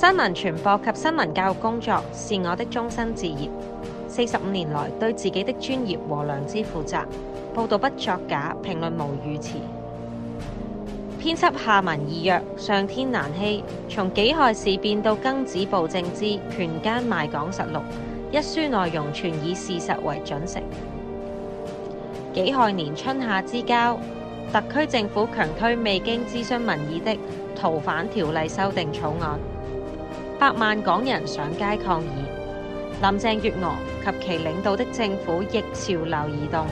新聞傳播及新聞教育工作是我的終身志業。四十五年來，對自己的專業和良知負責，報道不作假，評論無語詞。編輯下文意約，上天難欺。從《己亥事變》到《庚子暴政》之《權奸賣港實錄》，一書內容全以事實為準繩。己亥年春夏之交，特區政府強推未經諮詢民意的《逃犯條例》修訂草案。百萬港人上街抗議，林鄭月娥及其領導的政府逆潮流而動，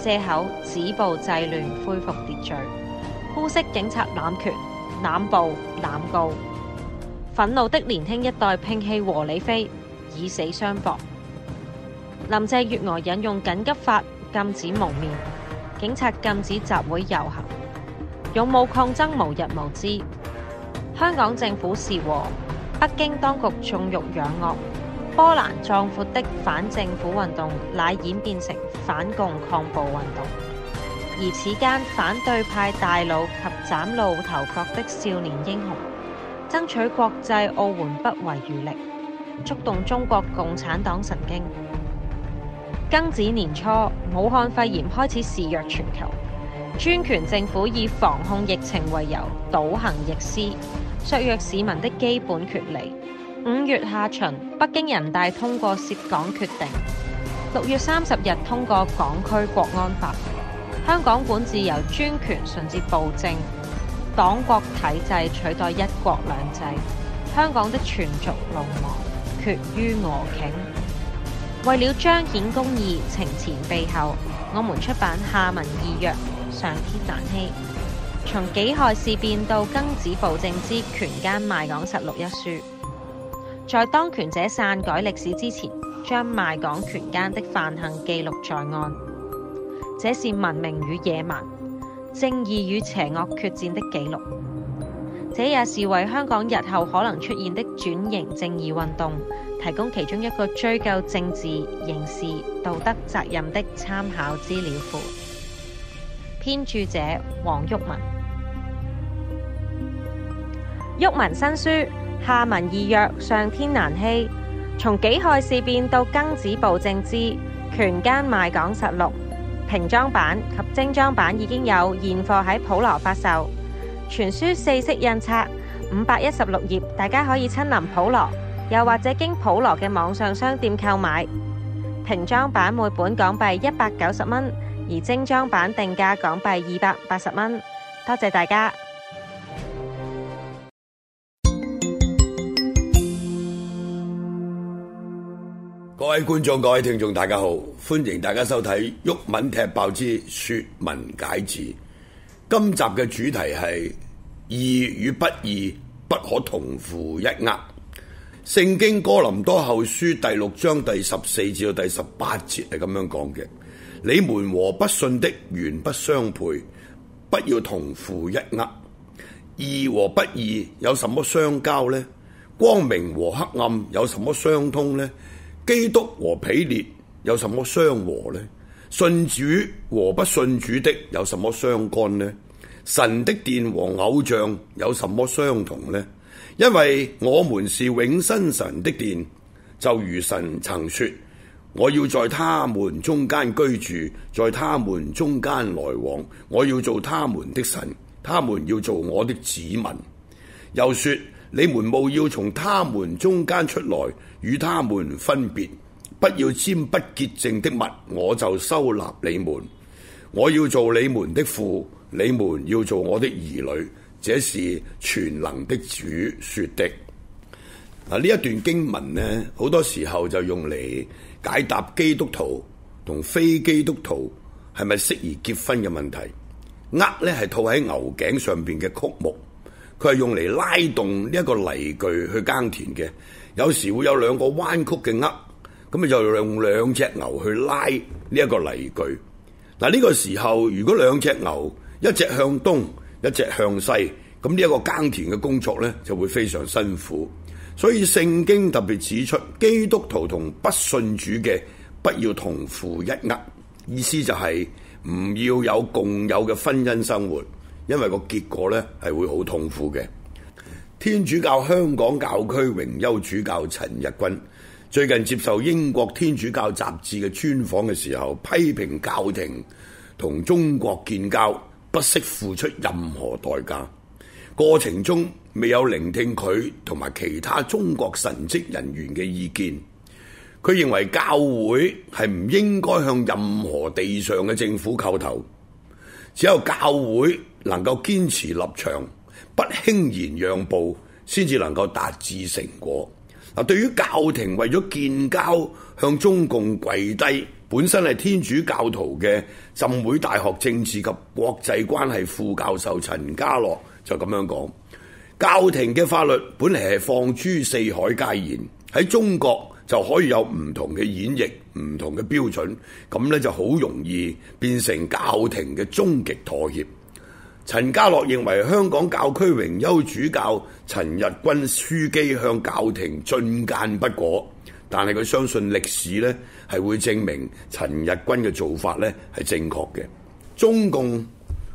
借口止暴制亂恢復秩，秩序，污衊警察濫權、濫暴、濫告。憤怒的年輕一代拼氣和理非，以死相搏。林鄭月娥引用緊急法禁止蒙面，警察禁止集會遊行，勇武抗爭無日無之。香港政府是和。北京當局縱欲養惡，波瀾壯闊的反政府運動乃演變成反共抗暴運動，而此間反對派大佬及嶄露頭角的少年英雄，爭取國際奧援不遺餘力，觸動中國共產黨神經。庚子年初，武漢肺炎開始肆虐全球，專權政府以防控疫情為由，倒行逆施。削弱市民的基本權利。五月下旬，北京人大通過涉港決定；六月三十日通過港區國安法。香港管治由專權順至暴政，黨國體制取代一國兩制。香港的全族龍亡，決於俄頃。為了彰顯公義，情前備後，我們出版下文義約，上天難欺。從己亥事變到庚子暴政之權奸賣港實錄一書，在當權者篡改歷史之前，將賣港權奸的犯行記錄在案，這是文明與野蠻、正義與邪惡決戰的記錄。這也是為香港日後可能出現的轉型正義運動提供其中一個追究政治、刑事、道德責任的參考資料庫。編著者：黃旭文。《毓民新書》，下民易虐，上天難欺。從己亥事變到庚子暴政之權奸賣港實錄，平裝版及精裝版已經有現貨喺普羅發售。全書四色印刷，五百一十六頁，大家可以親臨普羅，又或者經普羅嘅網上商店購買。平裝版每本港幣一百九十蚊，而精裝版定價港幣二百八十蚊。多謝大家。各位觀眾、各位聽眾，大家好，歡迎大家收睇《毓民踢爆之說文解字》。今集嘅主題係義與不義，不可同負一軛。聖經哥林多後書第六章第十四至到第十八節係咁樣講嘅：你們和不信的原不相配，不要同負一軛。義和不義有什麼相交呢？光明和黑暗有什麼相通呢？基督和彼列有什麼相和呢？信主和不信主的有什麼相干呢？神的殿和偶像有什麼相同呢？因為我們是永生神的殿，就如神曾說：我要在他們中間居住，在他們中間來往，我要做他們的神，他們要做我的子民。又說，你們務要從他們中間出來，與他們分別，不要沾不潔淨的物，我就收納你們。我要做你們的父，你們要做我的兒女。這是全能的主說的。啊，呢一段經文呢，好多時候就用嚟解答基督徒同非基督徒係咪適宜結婚嘅問題。呃，呢係套喺牛頸上邊嘅曲木。佢係用嚟拉動呢一個犁具去耕田嘅，有時會有兩個彎曲嘅軛，咁咪就用兩隻牛去拉呢一個犁具。嗱、這、呢個時候，如果兩隻牛一隻向東，一隻向西，咁呢一個耕田嘅工作咧就會非常辛苦。所以聖經特別指出，基督徒同不信主嘅不要同負一軛，意思就係唔要有共有嘅婚姻生活。因為個結果呢係會好痛苦嘅。天主教香港教區榮休主教陳日君最近接受英國天主教雜誌嘅專訪嘅時候，批評教廷同中國建交不惜付出任何代價，過程中未有聆聽佢同埋其他中國神職人員嘅意見。佢認為教會係唔應該向任何地上嘅政府叩頭。只有教會能夠堅持立場，不輕言讓步，先至能夠達至成果。嗱，對於教廷為咗建交向中共跪低，本身係天主教徒嘅浸會大學政治及國際關係副教授陳家樂就咁樣講：教廷嘅法律本嚟係放諸四海皆然，喺中國就可以有唔同嘅演繹。唔同嘅標準，咁呢就好容易變成教廷嘅終極妥協。陳家洛認為香港教區榮休主教陳日君樞機向教廷進諫不果，但係佢相信歷史呢係會證明陳日君嘅做法呢係正確嘅。中共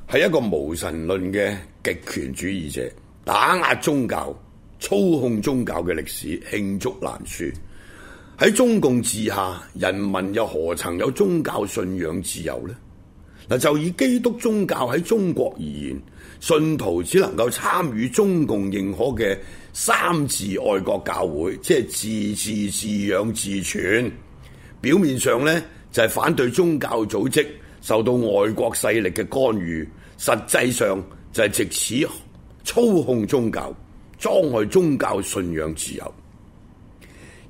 係一個無神論嘅極權主義者，打壓宗教、操控宗教嘅歷史罄竹難書。喺中共治下，人民又何曾有宗教信仰自由呢？嗱，就以基督宗教喺中國而言，信徒只能夠參與中共認可嘅三自愛國教會，即係自治、自養、自存。表面上呢，就係、是、反對宗教組織受到外國勢力嘅干預，實際上就係借此操控宗教，阻礙宗教信仰自由。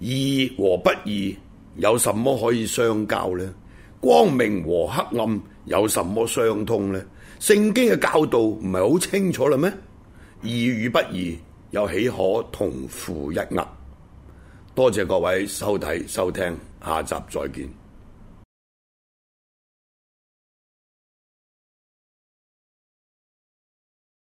義和不義有什麼可以相交呢？光明和黑暗有什麼相通呢？聖經嘅教導唔係好清楚啦咩？義與不義又豈可同負一軛？多謝各位收睇收聽，下集再見。